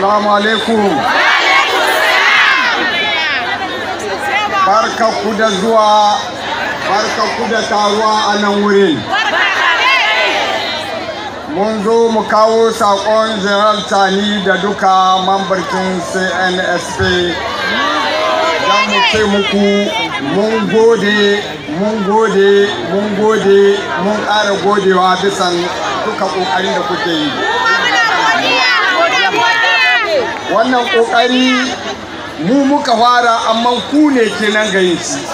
Assalamu alaikum. Barka ku da zuwa, barka ku da taruwa a nan wurin. Mun zo mu kawo saƙon General Tani da duka mambarkin CNSP. Don mu ce muku mun gode, mun gode, mun gode, mun ƙara godewa bisan duka ƙoƙarin da kuke yi. wannan kokari mu muka fara amma ku ne kenan gayin shi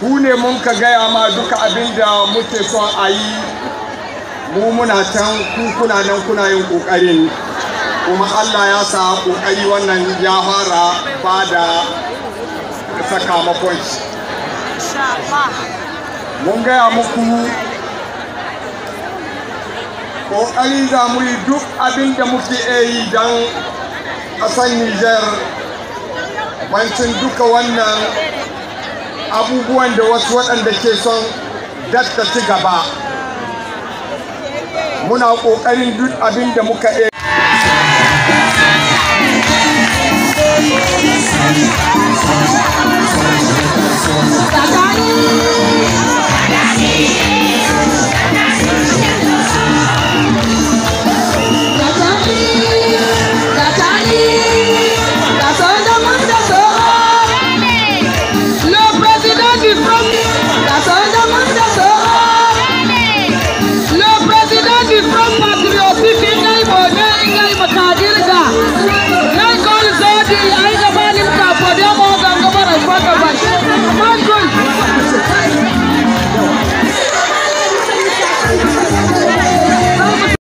ku ne mun ka gaya ma duka abinda da muke son a yi mu muna can ku kuna nan kuna yin kokarin kuma allah ya sa kokari wannan ya fara ba da sakamakon shi mun gaya muku ƙoƙari za mu yi duk abin da muke yi don ƙasar Nijar bancin duka wannan abubuwan da wasu waɗanda ke son datta ci gaba muna ƙoƙarin duk abin da muka iya